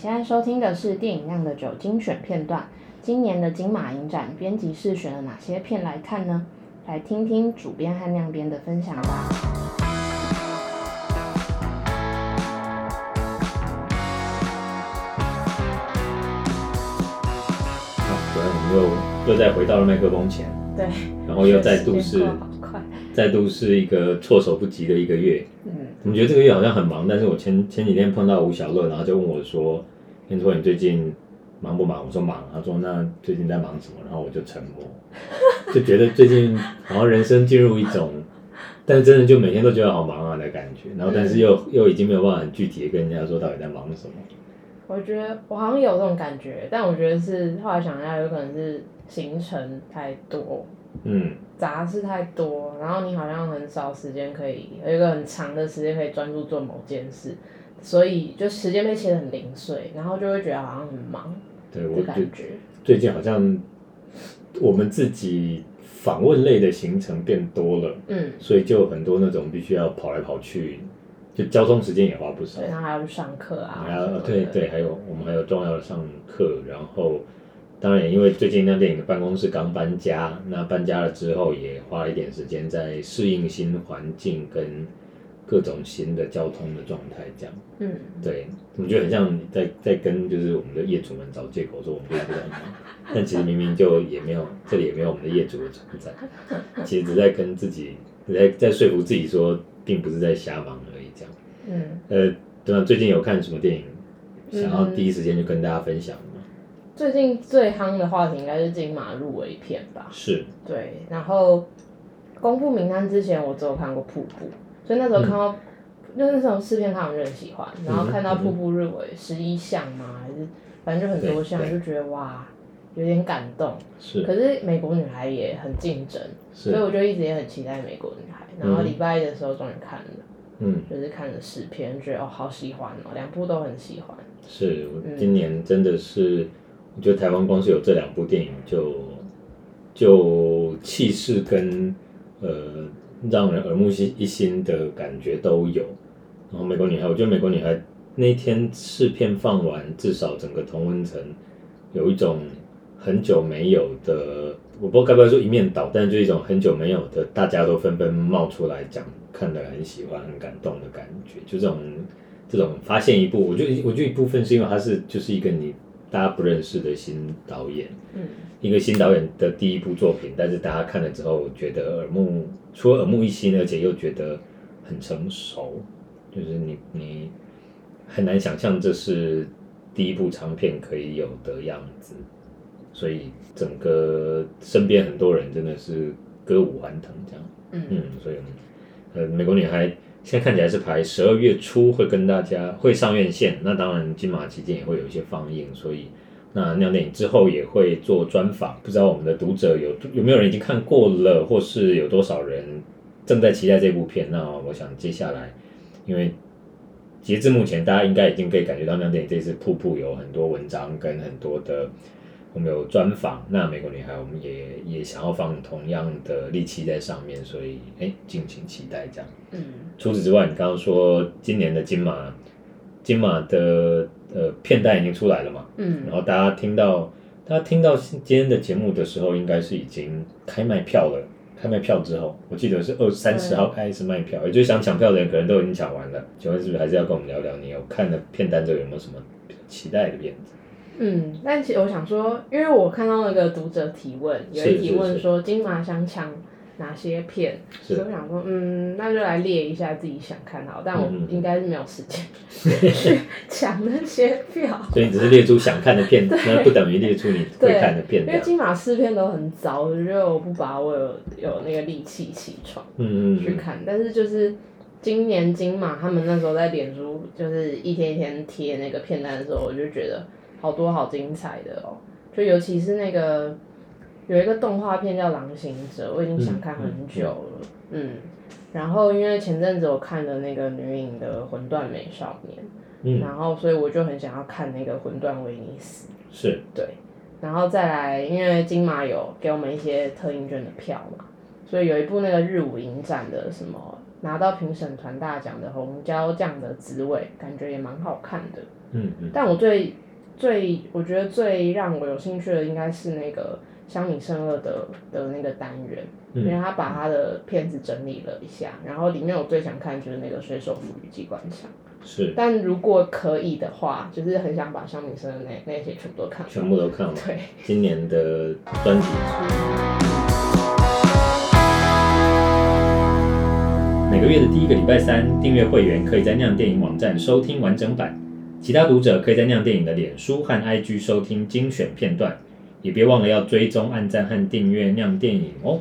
現在收聽的是電影《釀的酒》精選片段。今年的金馬影展，編輯室選了哪些片來看呢？來聽聽主編和釀編的分享吧。好、啊，我們又又再回到了麥克風前。對，然後又再度是，再度是一個措手不及的一個月。嗯，怎麼覺得這個月好像很忙，但是我前前幾天碰到吳小樂，然後就問我說：“天、嗯、拓，你最近忙不忙？”我說忙，他說：“那最近在忙什麼？”然後我就沉默， 就覺得最近好像人生進入一種，但是真的就每天都覺得好忙啊的感覺，然後但是又、嗯、又已經沒有辦法很具體的跟人家說到底在忙什麼。我覺得我好像有這種感覺，但我覺得是後來想一下，有可能是行程太多，嗯，雜事太多，然後你好像很少時間可以有一個很長的時間可以專注做某件事，所以就時間被切得很零碎，然後就會覺得好像很忙。對，我感覺最近好像我們自己訪問類的行程變多了，嗯，所以就很多那種必須要跑來跑去。就交通時間也花不少，對，他還要去上課啊，啊對，對對，還有我們還有重要的上課，然後，當然也因為最近那電影的辦公室剛搬家，那搬家了之後也花了一點時間在適應新環境跟，各種新的交通的狀態，這樣，嗯，對，我就覺得很像在在跟就是我們的業主們找借口說我們工作忙， 但其實明明就也沒有這裡也沒有我們的業主的存在，其實只在跟自己在在說服自己說並不是在瞎忙而已，這樣，嗯，呃，對了，最近有看什麼電影、嗯、想要第一時間就跟大家分享嗎？最近最夯的話題應該是《金馬入圍片》吧，是，對，然後公布名單之前，我只有看過瀑布。所以那時候看到，嗯就是、那時候試片看，我真的很喜歡。然後看到瀑布入圍十一項嘛，還是反正就很多項，就覺得哇，有點感動。是。可是美國女孩也很競爭，所以我就一直也很期待美國女孩。然後禮拜一的時候終於看了，嗯，就是看了試片、嗯，覺得哦、喔，好喜歡哦、喔，兩部都很喜歡。是，我今年真的是，我覺得台灣光是有這兩部電影就，就就氣勢跟呃。讓人耳目一新的感覺都有，然後《美國女孩》，我覺得《美國女孩》那一天試片放完，至少整個同溫層有一種很久沒有的，我不知道該不該說一面倒，但是就一種很久沒有的，大家都紛紛冒出來講看的很喜歡、很感動的感覺，就這種這種發現一部，我覺得我覺得一部分是因為它是就是一個你。大家不認識的新導演，嗯，一個新導演的第一部作品，但是大家看了之後覺得耳目，除了耳目一新，而且又覺得很成熟，就是你你很難想象這是第一部長片可以有的樣子，所以整個身邊很多人真的是歌舞歡騰這樣，嗯，嗯，所以呃，美國女孩。現在看起來是排十二月初會跟大家會上院線，那當然金馬期間也會有一些放映，所以那釀電影之後也會做專訪，不知道我們的讀者有有沒有人已經看過了，或是有多少人正在期待這部片？那、哦、我想接下來，因為截至目前大家應該已經可以感覺到釀電影這次瀑布有很多文章跟很多的。我們有專訪那美國女孩，我們也也想要放同樣的力氣在上面，所以哎、欸，敬請期待這樣。嗯，除此之外，你剛剛說今年的金馬，金馬的呃片單已經出來了嘛。嗯，然後大家聽到，大家聽到今天的節目的時候，應該是已經開賣票了。開賣票之後，我記得是二三十號開始賣票，也、欸、就是想搶票的人可能都已經搶完了。請問是不是還是要跟我們聊聊你？你有看的片單，這有沒有什麼比較期待的點？子？嗯，但其實我想說，因為我看到那個讀者提問，有人提問說金馬想搶哪些片，是是是是，所以我就想說，嗯，那就來列一下自己想看的，但我應該是沒有時間去搶那些票。所 以你只是列出想看的片單， 那不等於列出你會看的片單。因為金馬試片都很早，我覺得我不把我有有那個力氣起床，嗯嗯去，嗯、看。但是就是今年金馬他們那時候在臉書，就是一天一天貼那個片單的時候，我就覺得。好多好精彩的哦、喔！就尤其是那個有一個動畫片叫《狼行者》，我已經想看很久了。嗯，嗯嗯然後因為前陣子我看了那個女影的《魂斷美少年》，嗯，然後所以我就很想要看那個《魂斷威尼斯》。是，對。然後再來，因為金馬有給我們一些特映券的票嘛，所以有一部那個日舞影展的什麼拿到評審團大獎的《紅椒醬的滋味》，感覺也蠻好看的。嗯嗯。但我最最我覺得最讓我有興趣的應該是那個相米慎二的的那個單元、嗯，因為他把他的片子整理了一下，然後裡面我最想看就是那個水手服與機關槍。是，但如果可以的話，就是很想把相米慎二的那那些全部都看，全部都看了。對，今年的專題。 每個月的第一個禮拜三，訂閱會員可以在釀電影網站收聽完整版。其他讀者可以在釀電影的臉書和 IG 收聽精選片段，也別忘了要追蹤、按讚和訂閱釀電影哦。